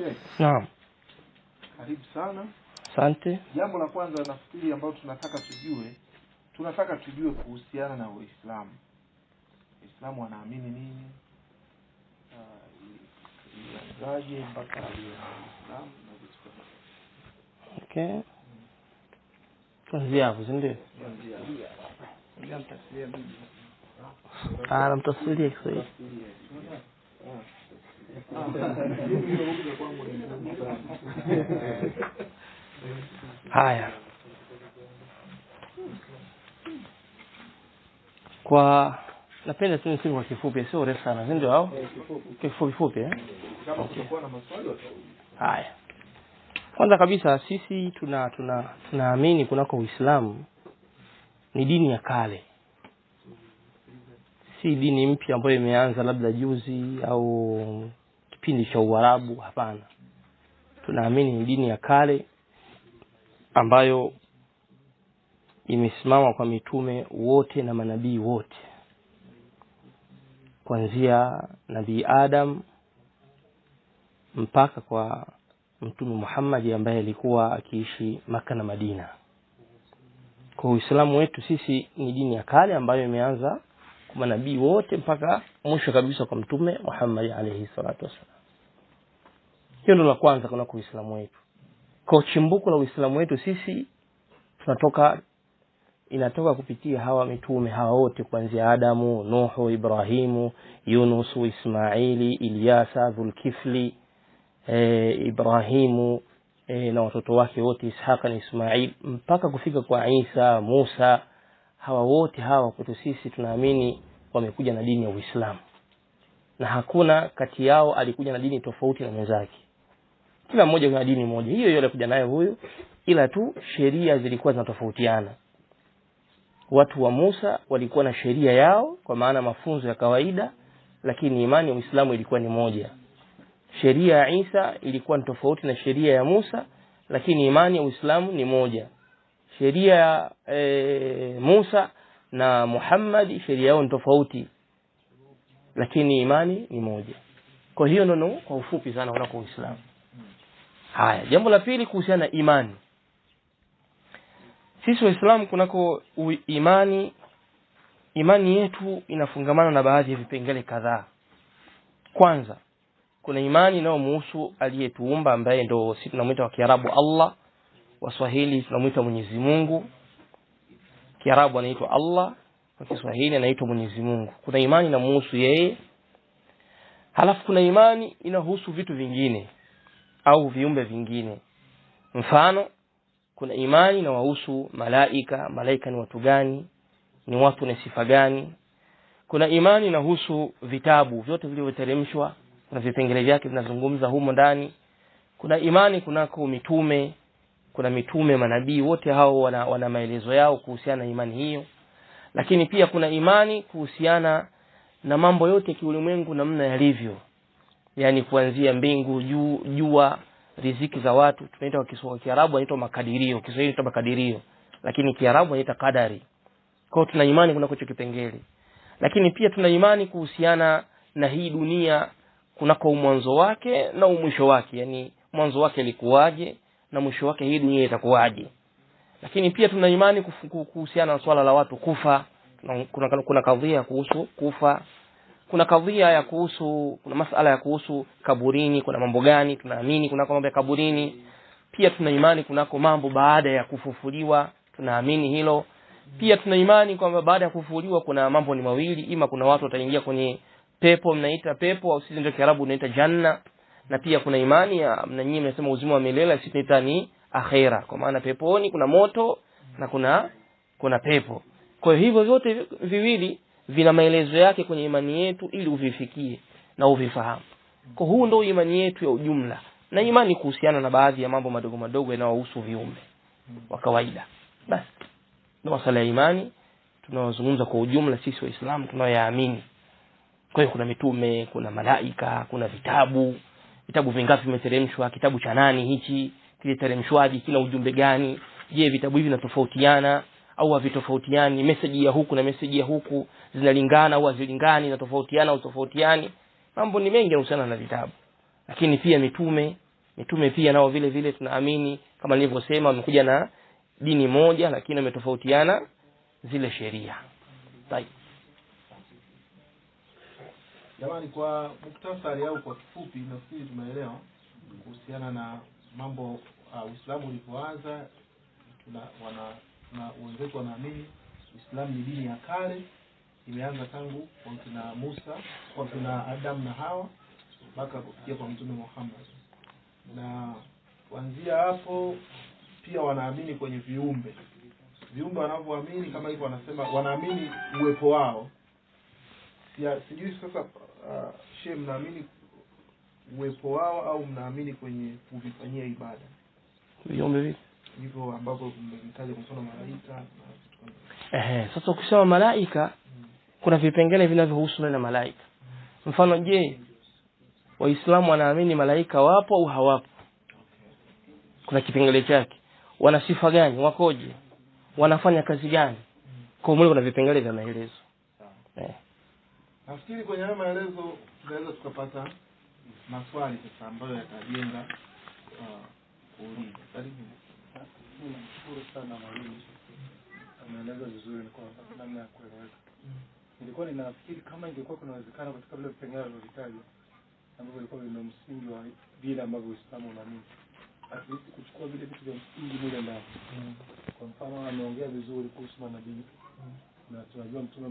Sheikh. Naam. Karibu sana. Asante. Jambo la kwanza nafikiri ambalo tunataka tujue, tunataka tujue kuhusiana na Uislamu. Uislamu wanaamini nini? Ilianzaje mpaka Uislamu na vitu kama hivyo. Okay. Kuanzia hapo, si ndio? Kuanzia. Anamtafsiria ah, Kiswahili haya kwa napenda tu niseme kwa kifupi sio refu sana si ndio au kifupi fupi eh okay. haya kwanza kabisa sisi tuna tuna tunaamini kunako uislamu ni dini ya kale si dini mpya ambayo imeanza labda juzi au kipindi cha Uarabu. Hapana, tunaamini ni dini ya kale ambayo imesimama kwa mitume wote na manabii wote kuanzia Nabii Adam mpaka kwa Mtume Muhammad ambaye alikuwa akiishi Maka na Madina. Kwa Uislamu wetu sisi ni dini ya kale ambayo imeanza kwa manabii wote mpaka mwisho kabisa kwa mtume Muhammad alayhi salatu wasallam. Hiyo ndio la kwanza kuna kwa Uislamu wetu. Kwa chimbuko la Uislamu wetu sisi tunatoka inatoka kupitia hawa mitume hawa wote kuanzia Adamu, Nuhu, Ibrahimu, Yunusu, Ismaili, Ilyasa, Dhulkifli, e, Ibrahimu e, na watoto wake wote Ishaqa na Ismail mpaka kufika kwa Isa, Musa hawa wote hawa kwetu sisi tunaamini wamekuja na dini ya Uislamu, na hakuna kati yao alikuja na dini tofauti na mwenzake. Kila mmoja kuna dini moja hiyo hiyo alikuja nayo huyu, ila tu sheria zilikuwa zinatofautiana. Watu wa Musa walikuwa na sheria yao, kwa maana mafunzo ya kawaida, lakini imani ya Uislamu ilikuwa ni moja. Sheria ya Isa ilikuwa ni tofauti na sheria ya Musa, lakini imani ya Uislamu ni moja sheria ya e, Musa na Muhammad sheria yao ni tofauti, lakini imani ni moja. Kwa hiyo nono, kwa ufupi sana unako Uislamu. Haya, jambo la pili kuhusiana na imani, sisi Waislamu kunako imani, imani yetu inafungamana na baadhi ya vipengele kadhaa. Kwanza kuna imani inayomuhusu aliyetuumba ambaye ndo sisi tunamwita wa Kiarabu Allah Waswahili tunamwita Mwenyezi Mungu, Kiarabu anaitwa Allah, kwa Kiswahili anaitwa Mwenyezi Mungu. Kuna imani inamuhusu yeye, halafu kuna imani inahusu vitu vingine au viumbe vingine. Mfano, kuna imani inawahusu malaika. Malaika ni watu gani? Ni watu na sifa gani? Kuna imani inahusu vitabu vyote vilivyoteremshwa, kuna vipengele vyake vinazungumza humo ndani. Kuna imani kunako mitume kuna mitume, manabii, wote hao wana, wana maelezo yao kuhusiana na imani hiyo. Lakini pia kuna imani kuhusiana na mambo yote kiulimwengu namna yalivyo, yani kuanzia mbingu, juu, jua, riziki za watu. Tunaita kwa Kiswahili, Kiarabu inaitwa makadirio, Kiswahili inaitwa makadirio, lakini Kiarabu inaita kadari. Kwa tuna imani kuna kocho kipengele, lakini pia tuna imani kuhusiana na hii dunia kunako mwanzo wake na umwisho wake, yani mwanzo wake ilikuwaje na mwisho wake hii dunia itakuwaje. Lakini pia tuna imani kuhusiana na swala la watu kufa. Kuna, kuna kadhia kuhusu kufa, kuna kadhia ya kuhusu, kuna masala ya kuhusu kaburini, kuna mambo gani tunaamini kunako mambo ya kaburini. Pia tuna imani kunako mambo baada ya kufufuliwa, tunaamini hilo pia. Tuna imani kwamba baada ya kufufuliwa kuna mambo ni mawili, ima kuna watu wataingia kwenye pepo, mnaita pepo au sisi ndio Kiarabu tunaita janna na pia kuna imani ya na nyinyi mnasema uzima wa milele sitaita ni akhera, kwa maana peponi kuna moto na kuna kuna pepo. Kwa hivyo vyote viwili vina maelezo yake kwenye imani yetu, ili uvifikie na uvifahamu. Kwa huu ndio imani yetu ya ujumla, na imani kuhusiana na baadhi ya mambo madogo madogo yanayohusu viumbe wa kawaida. Basi ndio masala ya imani tunaozungumza kwa ujumla sisi Waislamu tunayoyaamini. Kwa hiyo kuna mitume, kuna malaika, kuna vitabu vitabu vingapi vimeteremshwa kitabu cha nani hichi kiliteremshwaje kina ujumbe gani je vitabu hivi vinatofautiana au havitofautiani meseji ya huku na meseji ya huku zinalingana au hazilingani zinatofautiana au tofautiani mambo ni mengi yanahusiana na vitabu lakini pia mitume mitume pia nao vile vile tunaamini kama nilivyosema wamekuja na dini moja lakini wametofautiana zile sheria Jamani, kwa muktasari au kwa kifupi, nafikiri tumeelewa kuhusiana na mambo uh, Uislamu ulivyoanza. wana na wenzetu wanaamini Uislamu ni dini ya kale, imeanza tangu kwa kina Musa, kwa kina Adam na Hawa mpaka kufikia kwa Mtume Muhammad, na kuanzia hapo pia wanaamini kwenye viumbe viumbe wanavyoamini, kama hivyo wanasema, wanaamini uwepo wao. Sijui sasa uh, ah, she mnaamini uwepo wao au mnaamini kwenye kuvifanyia ibada viombe vipi hivyo ambavyo mmevitaja kwa mfano malaika ehe sasa ukisema malaika hmm. kuna vipengele vinavyohusu neno malaika mfano je waislamu wanaamini malaika wapo au hawapo kuna kipengele chake wana sifa gani wakoje wanafanya kazi gani hmm. kwa mwili kuna vipengele vya maelezo Nafikiri kwenye hayo maelezo tunaweza tukapata maswali sasa ambayo yatajenga uh, kuuliza. Karibu. Nashukuru sana mwalimu, ameeleza vizuri kwa namna ya kueleweka. Nilikuwa ninafikiri kama ingekuwa kunawezekana katika vile vipengele ambavyo ilikuwa msingi wa vile ambavyo Uislamu kuchukua vile vitu vya msingi mule ndani. Mm. Kwa mfano, ameongea vizuri kuhusu manabii mm. na tunajua Mtume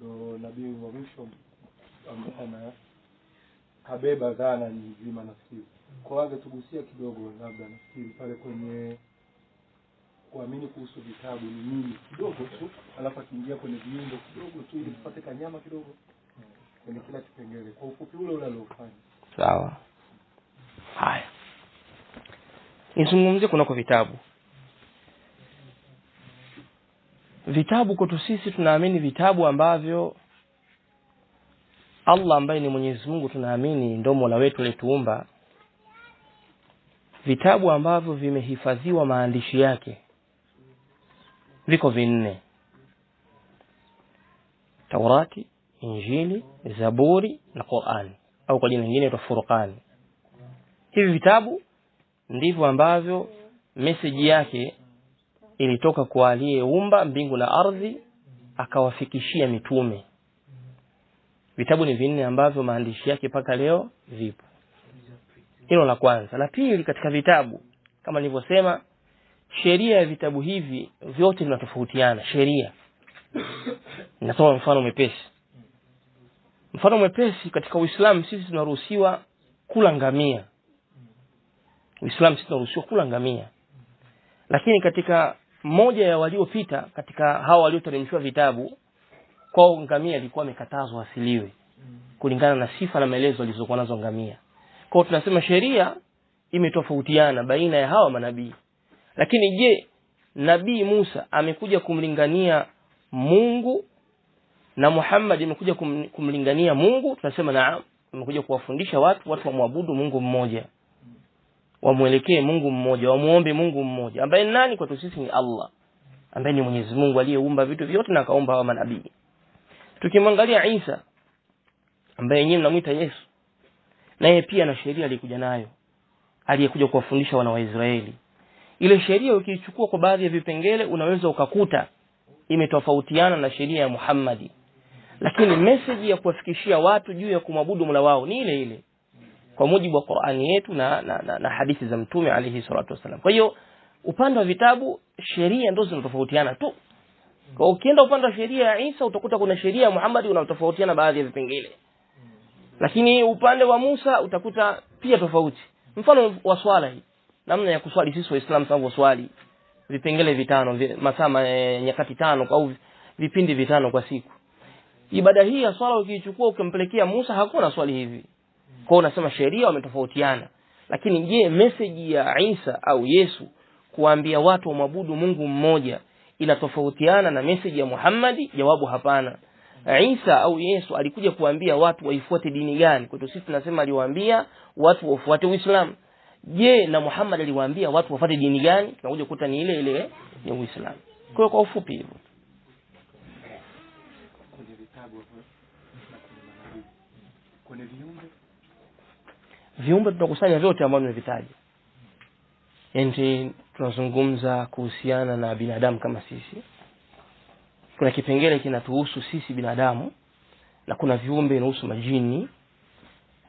ndo nabii wa mwisho ambaye ana kabeba dhana nzima nafikiri kwa tugusia kidogo labda nafikiri pale kwenye kuamini kuhusu vitabu ni nini kidogo tu alafu akiingia kwenye viungo kidogo tu ili tupate kanyama kidogo kwenye kila kipengele kwa ufupi ule ule aliofanya sawa haya nizungumzie kunako vitabu Vitabu kwetu sisi tunaamini vitabu ambavyo Allah ambaye ni Mwenyezi Mungu tunaamini ndo Mola wetu alituumba, vitabu ambavyo vimehifadhiwa maandishi yake viko vinne: Taurati, Injili, Zaburi na Qurani, au kwa jina lingine ta furukani Hivi vitabu ndivyo ambavyo meseji yake ilitoka kwa aliyeumba mbingu na ardhi akawafikishia mitume. Vitabu ni vinne ambavyo maandishi yake mpaka leo vipo. Hilo la kwanza. La pili, katika vitabu kama nilivyosema, sheria ya vitabu hivi vyote vinatofautiana. Sheria natoa mfano mwepesi. Mfano mwepesi katika Uislamu sisi tunaruhusiwa kula ngamia. Uislamu sisi tunaruhusiwa kula ngamia, lakini katika mmoja ya waliopita katika hawa walioteremshiwa vitabu kwao ngamia alikuwa amekatazwa asiliwe kulingana na sifa na maelezo alizokuwa nazo ngamia. Kwao tunasema sheria imetofautiana baina ya hawa manabii. Lakini je, Nabii Musa amekuja kumlingania Mungu na Muhammad amekuja kumlingania Mungu? Tunasema naam, amekuja kuwafundisha watu watu wamwabudu Mungu mmoja wamwelekee Mungu mmoja, wamuombe Mungu mmoja ambaye ni nani kwetu sisi ni Allah, ambaye ni Mwenyezi Mungu aliyeumba vitu vyote na akaumba hawa manabii. Tukimwangalia Isa ambaye yeye mnamwita Yesu, naye pia na sheria alikuja nayo, aliyekuja kuwafundisha wana wa Israeli. Ile sheria ukiichukua kwa baadhi ya vipengele, unaweza ukakuta imetofautiana na sheria ya Muhammadi, lakini meseji ya kuwafikishia watu juu ya kumwabudu Mola wao ni ile ile kwa mujibu wa Qur'ani yetu na, na, na, na hadithi za Mtume alayhi salatu wasallam. Kwa hiyo upande wa vitabu sheria ndio zinatofautiana tu. Kwa ukienda upande wa sheria ya Isa utakuta kuna sheria ya Muhammad unatofautiana baadhi ya vipengele, lakini upande wa Musa utakuta pia tofauti. Mfano wa swala hii, namna ya kuswali sisi Waislamu tunavyo swali, vipengele vitano, masaa e, nyakati tano au vipindi vitano kwa siku. Ibada hii ya swala ukiichukua ukimpelekea Musa, hakuna swali hivi kwa unasema sheria wametofautiana, lakini je, meseji ya Isa au Yesu kuwaambia watu wamwabudu Mungu mmoja inatofautiana na meseji ya Muhammadi? Jawabu, hapana. Isa au Yesu alikuja kuambia watu waifuate dini gani? Kwetu sisi tunasema aliwaambia watu wafuate Uislamu. Je, na Muhammad aliwaambia watu wafuate dini gani? Tunakuja kukuta ni ile ile ya Uislamu. Kwa hiyo kwa ufupi hivyo. Kwenye vitabu kwenye viumbe viumbe tunakusanya vyote ambavyo nimevitaja yani tunazungumza kuhusiana na binadamu kama sisi kuna kipengele kinatuhusu sisi binadamu na kuna viumbe inahusu majini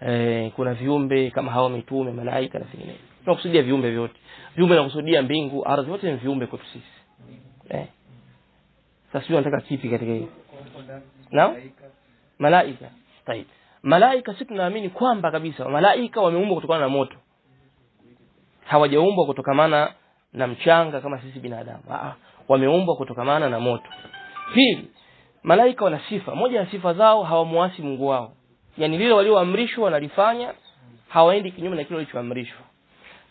e, kuna viumbe kama hawa mitume malaika na vingine tunakusudia viumbe vyote viumbe nakusudia mbingu ardhi vyote ni viumbe kwetu sisi e. sasa sijui nataka kipi katika hii na malaika taibu Malaika si tunaamini kwamba kabisa malaika wameumbwa kutokana na moto, hawajaumbwa kutokamana na mchanga kama sisi binadamu. Ah, wameumbwa kutokamana na moto. Pili, malaika wana sifa, moja ya sifa zao hawamuasi Mungu wao, yaani lile walioamrishwa wanalifanya, hawaendi kinyume na kile walichoamrishwa.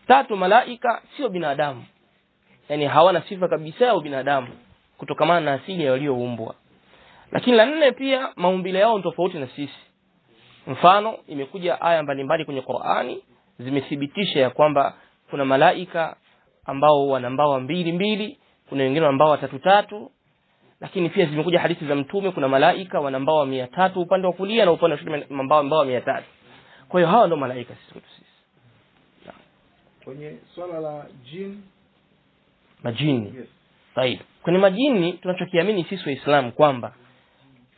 Tatu, malaika sio binadamu, yaani hawana sifa kabisa ya binadamu kutokamana na asili ya walioumbwa. Lakini la nne, pia maumbile yao ni tofauti na sisi mfano imekuja aya mbalimbali kwenye Qur'ani zimethibitisha ya kwamba kuna malaika ambao wana mbawa mbili mbili, kuna wengine ambao mbawa tatu tatu, lakini pia zimekuja hadithi za Mtume, kuna malaika wana mbawa mia tatu upande wa kulia na upande wa kushoto mbawa mbawa mia tatu. Kwa hiyo hawa ndio malaika sisi kwetu sisi. Kwenye swala la jini, majini, yes. Sahihi, kwenye majini tunachokiamini sisi Waislamu kwamba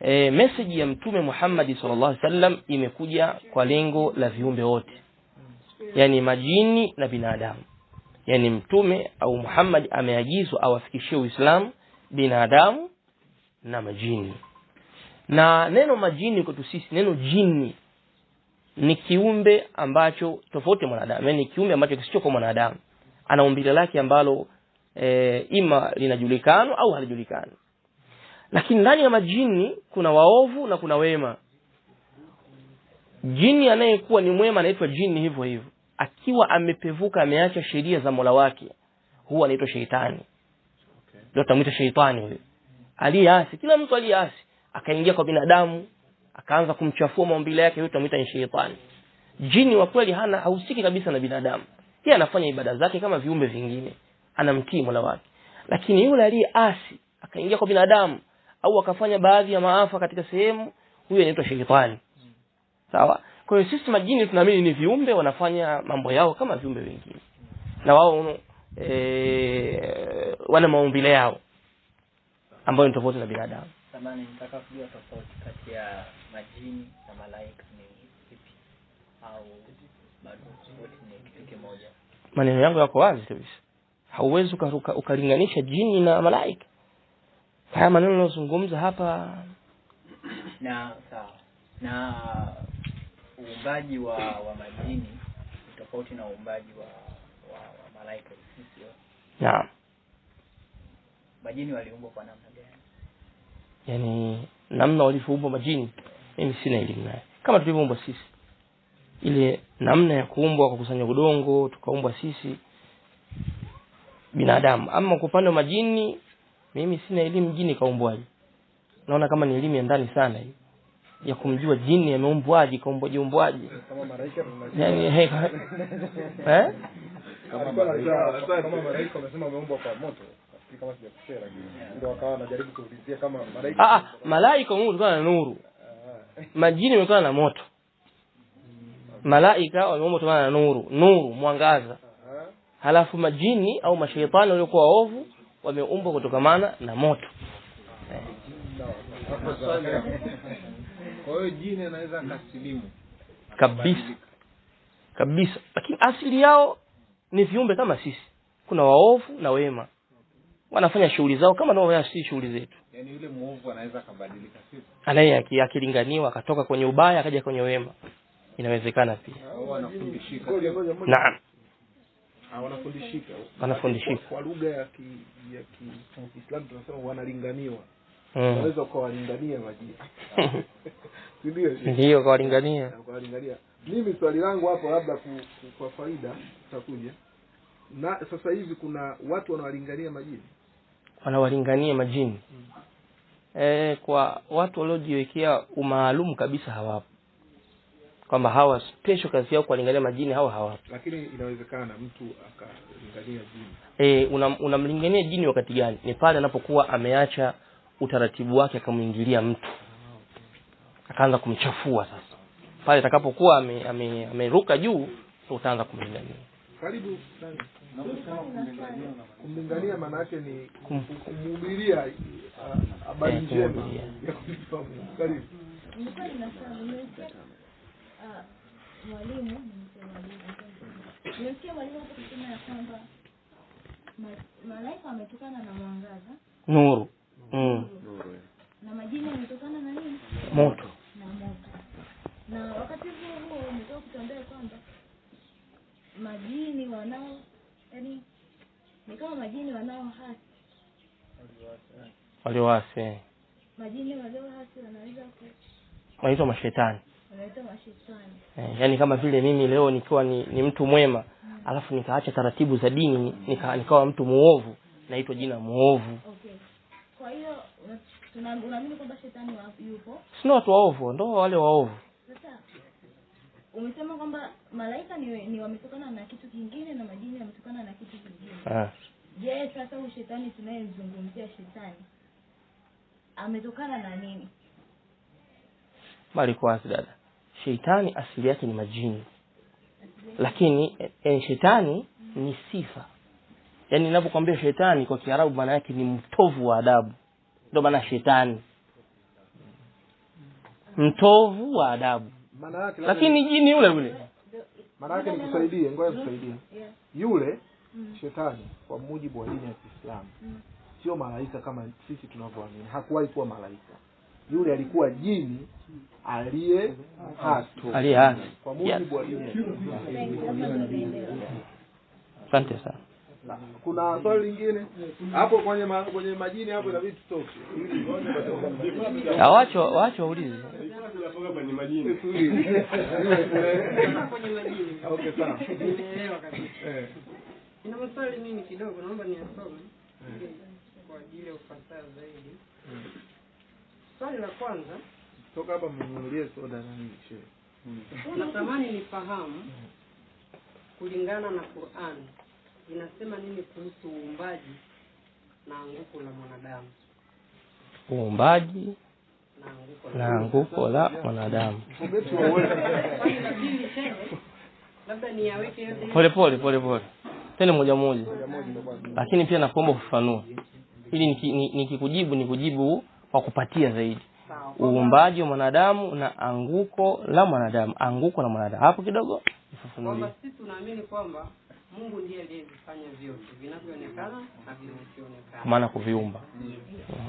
e, meseji ya Mtume Muhammad sallallahu alaihi wasallam imekuja kwa lengo la viumbe wote, yani majini na binadamu. Yani Mtume au Muhammad ameagizwa awafikishie Uislamu binadamu na majini. Na neno majini kwetu sisi, neno jini ni kiumbe ambacho tofauti mwanadamu, yani kiumbe ambacho kisicho kwa mwanadamu, ana umbile lake ambalo e, ima linajulikana au halijulikani lakini ndani ya majini kuna waovu na kuna wema. Jini anayekuwa ni mwema anaitwa jini hivyo hivyo, akiwa amepevuka, ameacha sheria za Mola wake, huwa anaitwa sheitani. Ndio okay. atamwita sheitani huyo aliyeasi. Kila mtu aliyeasi akaingia kwa binadamu akaanza kumchafua maumbile yake, huyo tutamwita ni sheitani. Jini wa kweli hana hahusiki kabisa na binadamu, yeye anafanya ibada zake kama viumbe vingine, anamtii Mola wake. Lakini yule aliyeasi akaingia kwa binadamu au akafanya baadhi ya maafa katika sehemu, huyo anaitwa sheitani. Sawa? Kwa hiyo sisi majini tunaamini ni viumbe wanafanya mambo yao kama viumbe wengine, na wao e, wana maumbile yao ambayo ni tofauti na binadamu. Samani, nitaka kujua tofauti kati ya majini na malaika ni ipi, au bado tofauti ni kitu kimoja? Maneno yangu yako wazi kabisa, hauwezi ukalinganisha jini na malaika haya maneno unayozungumza hapa na sawa na uumbaji wa wa majini tofauti na uumbaji wa, wa, wa malaika sio majini waliumbwa kwa namna gani yani namna walivyoumbwa majini mimi sina elimu naye kama tulivyoumbwa sisi ile namna ya kuumbwa kwa kusanya udongo tukaumbwa sisi binadamu ama kwa upande wa majini mimi sina elimu jini kaumbwaje. Naona kama ni elimu ya ndani sana hii ya kumjua jini ameumbwaje, kaumbwaje, umbwaje. Kama malaika yaani eh eh kama malaika wamesema wameumbwa kwa moto. Kama sijakosea lakini ndio akawa anajaribu kuulizia kama malaika. Ah, ah. malaika Mungu kutokana na nuru. Ah. Majini wametokana na moto. Malaika wameumbwa kutokana na nuru, nuru mwangaza. Ah, Halafu majini au mashaitani waliokuwa ovu wameumbwa kutokamana na moto kabisa kabisa, lakini asili yao ni viumbe kama sisi. Kuna waovu na wema, wanafanya shughuli zao kama nao shughuli zetu. Yani yule muovu anaweza akabadilika, sisi anaye akilinganiwa akatoka kwenye ubaya akaja kwenye wema, inawezekana pia. Naam. Ah, wanafundishika wanafundishika kwa lugha ya ki, ya Kiislamu tunasema wanalinganiwa hmm. unaweza mm. ukawalingania majina ndio ndio ukawalingania ukawalingania mimi swali langu hapo labda ku, ku, kwa faida tutakuja na sasa hivi kuna watu wanawalingania majini wanawalingania majini mm. e, eh, kwa watu waliojiwekea umaalumu kabisa hawapo kwamba hawa special kazi yao kuwalingalia majini hawa hawa Lakini inawezekana mtu akalingania jini e, unamlingania una jini wakati gani? Ni pale anapokuwa ameacha utaratibu wake akamwingilia mtu akaanza kumchafua. Sasa pale atakapokuwa ameruka ame, ame juu, utaanza kumlingania karibu kumlingania maana yake ni kumhubiria ah, habari eh, njema. Karibu mwalimu nimesikia mwalimu hapo kusema ya kwamba malaika wametokana na mwangaza nuru mm. na majini ametokana na nini moto na moto na wakati huo huo umetoka kutuambia kwamba majini wanao yani ni kama majini wanao hasi walioasi majini walio hasi wanaweza wanaitwa mashetani yani kama vile mimi leo nikiwa ni, ni mtu mwema alafu nikaacha taratibu za dini nika, nikawa mtu muovu naitwa jina muovu okay. kwa hiyo sina watu waovu ndo wale waovu umesema kwamba malaika ni, ni wametokana na kitu kingine na majini yametokana na kitu kingine ah. je sasa huyu shetani tunayemzungumzia shetani ametokana na nini bali kwanza dada Sheitani asili yake ni majini, lakini e, eh, eh, shetani ni sifa. Yani ninapokuambia shetani kwa Kiarabu, maana yake ni mtovu wa adabu. Ndio maana shetani mtovu wa adabu, lakini jini yule yule. Maana yake nikusaidie, ngoja nikusaidie. Yule shetani kwa mujibu wa dini ya Kiislamu mm. sio malaika kama sisi tunavyoamini, hakuwahi kuwa malaika yule alikuwa jini aliye hatu aliye hatu kwa mujibu wa dini. Asante sana. Kuna swali lingine hapo kwenye ma, kwenye majini hapo, inabidi tutoke wacho wacho waulize kwenye majini. Okay, sawa. Nina eh. maswali mimi kidogo, naomba niasome kwa ajili ya ufasaha zaidi. Hmm swali la kwanza toka hapa mnunulie soda na nini shehe hmm. natamani nifahamu kulingana na Qur'an inasema nini kuhusu uumbaji na anguko la mwanadamu uumbaji na anguko la mwanadamu pole pole pole pole tena moja moja lakini pia nakuomba ufafanue ili nikikujibu ni nikujibu kwa kupatia zaidi uumbaji wa mwanadamu na anguko la mwanadamu, anguko la mwanadamu. Hapo kidogo Sisi tunaamini kwamba Mungu ndiye aliyevifanya vyote vinavyoonekana na vinavyoonekana, maana kuviumba,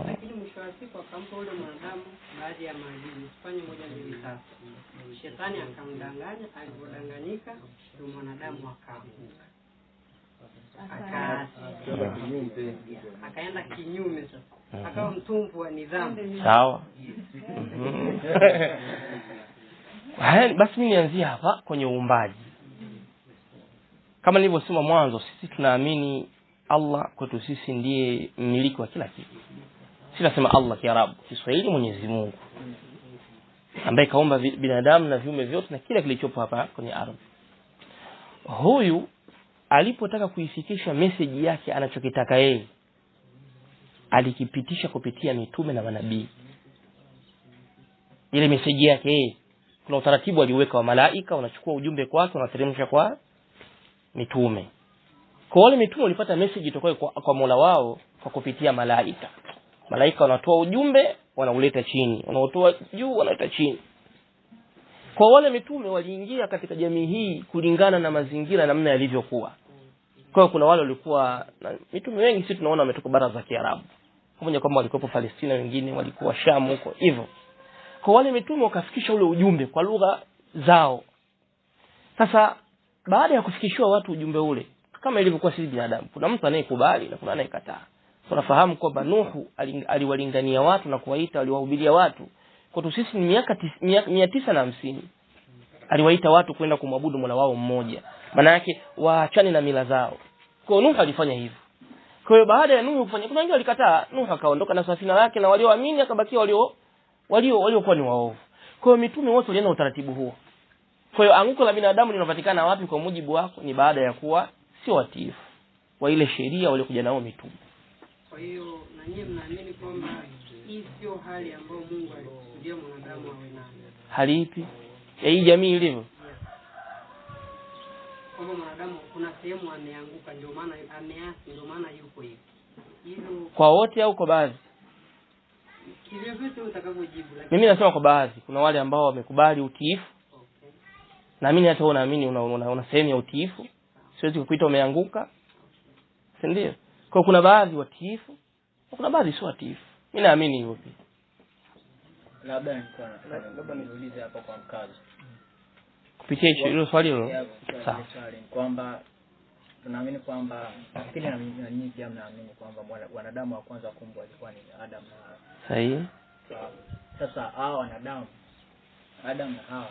lakini mwisho wa siku akampa ule mwanadamu baadhi ya maagizo, usifanye moja, mbili, tatu. Shetani akamdanganya, alivyodanganyika ndio mwanadamu akaanguka, akaenda kinyume sasa akawa mhm. mtumvu wa nidhamu sawa mhm. basi mi nianzie hapa kwenye uumbaji kama nilivyosema mwanzo sisi tunaamini allah kwetu sisi ndiye mmiliki wa kila kitu si nasema allah kiarabu kiswahili mwenyezi mungu ambaye kaumba binadamu na viumbe vyote na kila kilichopo hapa kwenye ardhi huyu alipotaka kuifikisha meseji yake anachokitaka yeye alikipitisha kupitia mitume na manabii ile meseji yake yeye kuna utaratibu aliweka wa malaika unachukua ujumbe kwake unateremsha kwa mitume kwa wale mitume walipata meseji itokayo kwa, kwa Mola wao kwa kupitia malaika malaika wanatoa ujumbe wanauleta chini wanaotoa juu wanaleta chini kwa wale mitume waliingia katika jamii hii kulingana na mazingira namna yalivyokuwa kwa kuna wale walikuwa mitume wengi sisi tunaona wametoka bara za Kiarabu pamoja kwamba walikuwepo palestina wengine walikuwa shamu huko hivyo kwa wale mitume wakafikisha ule ujumbe kwa lugha zao sasa baada ya kufikishiwa watu ujumbe ule kama ilivyokuwa sisi binadamu kuna mtu anayekubali na kuna anayekataa tunafahamu kwamba nuhu aliwalingania watu na kuwaita aliwahubiria watu kwetu sisi ni miaka mia tisa na hamsini aliwaita watu kwenda kumwabudu mola wao mmoja maana yake waachane na mila zao kwa nuhu alifanya hivyo kwa hiyo baada ya Nuhu kufanya kuna wengine walikataa, Nuhu akaondoka na safina lake na walioamini akabakia walio walio waliokuwa ni waovu. Kwa hiyo mitume wote walienda utaratibu huo. Kwa hiyo anguko la binadamu linapatikana wapi kwa mujibu wako? Ni baada ya kuwa sio watiifu wa ile sheria waliokuja nao mitume. Kwa hiyo na nyinyi mnaamini kwamba hii sio hali ambayo Mungu alikusudia mwanadamu awe nayo. Hali ipi? Ya hii jamii ilivyo kwamba mwanadamu kuna sehemu ameanguka, ndio maana ameasi, ndio maana yuko hivi. Hilo kwa wote au kwa baadhi? Kivyovyote utakavyojibu, lakini mimi nasema kwa baadhi. Kuna wale ambao wamekubali utiifu, okay. Naamini hata wewe unaamini una, una, una, sehemu ya utiifu, siwezi kukuita umeanguka, si ndio? Kwa kuna baadhi watiifu, kuna baadhi sio watiifu. Mimi naamini hivyo pia. Labda nikwa labda niulize hapa kwa mkazo kupitia hilo swali hilo sawa kwamba tunaamini kwamba akili na nyinyi pia mnaamini kwamba wanadamu wa kwanza kumbwa alikuwa ni Adam na Hawa. Sahihi. Sasa hawa wanadamu Adam na Hawa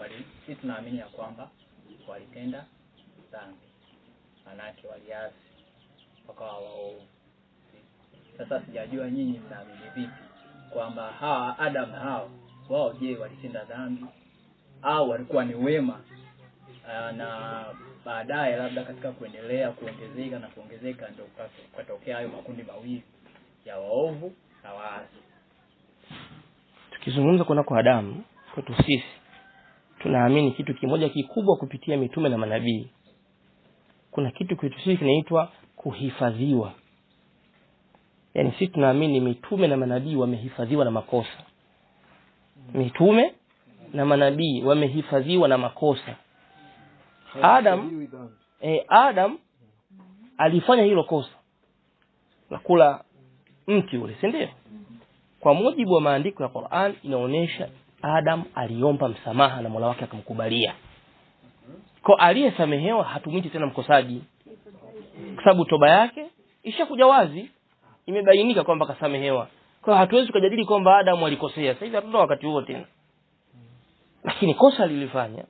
wali si tunaamini ya kwamba walitenda dhambi, manake waliasi wakawa waovu. Sasa sijajua nyinyi mnaamini vipi kwamba hawa Adam na Hawa wao, je, walitenda dhambi au walikuwa ni wema eh, na baadaye labda katika kuendelea kuongezeka na kuongezeka ndio kutokea hayo makundi mawili ya waovu na waasi tukizungumza kwa adamu kwetu sisi tunaamini kitu kimoja kikubwa kupitia mitume na manabii kuna kitu kwetu sisi kinaitwa kuhifadhiwa yaani sisi tunaamini mitume na manabii wamehifadhiwa na makosa mitume na manabii wamehifadhiwa na makosa. Adam e, Adam alifanya hilo kosa la kula mti ule, si ndio? Kwa mujibu wa maandiko ya Qur'an inaonyesha Adam aliomba msamaha na Mola wake akamkubalia. Kwa aliyesamehewa hatumwiti tena mkosaji, kwa sababu toba yake ishakuja wazi, imebainika kwamba kasamehewa. Kwa hatuwezi kujadili kwamba Adam alikosea. Sasa hivi hatuna wakati huo tena lakini kosa alilifanya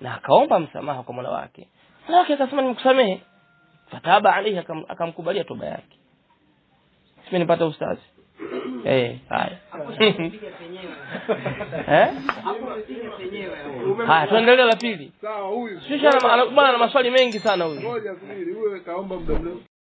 na akaomba msamaha kwa mola wake mola wake akasema nimekusamehe fataba alayhi akamkubalia toba yake nipata ustazi eh haya eh? haya tuendelee la pili sawa huyu Sisi ana maswali mengi sana huyu ngoja subiri huyu kaomba muda mrefu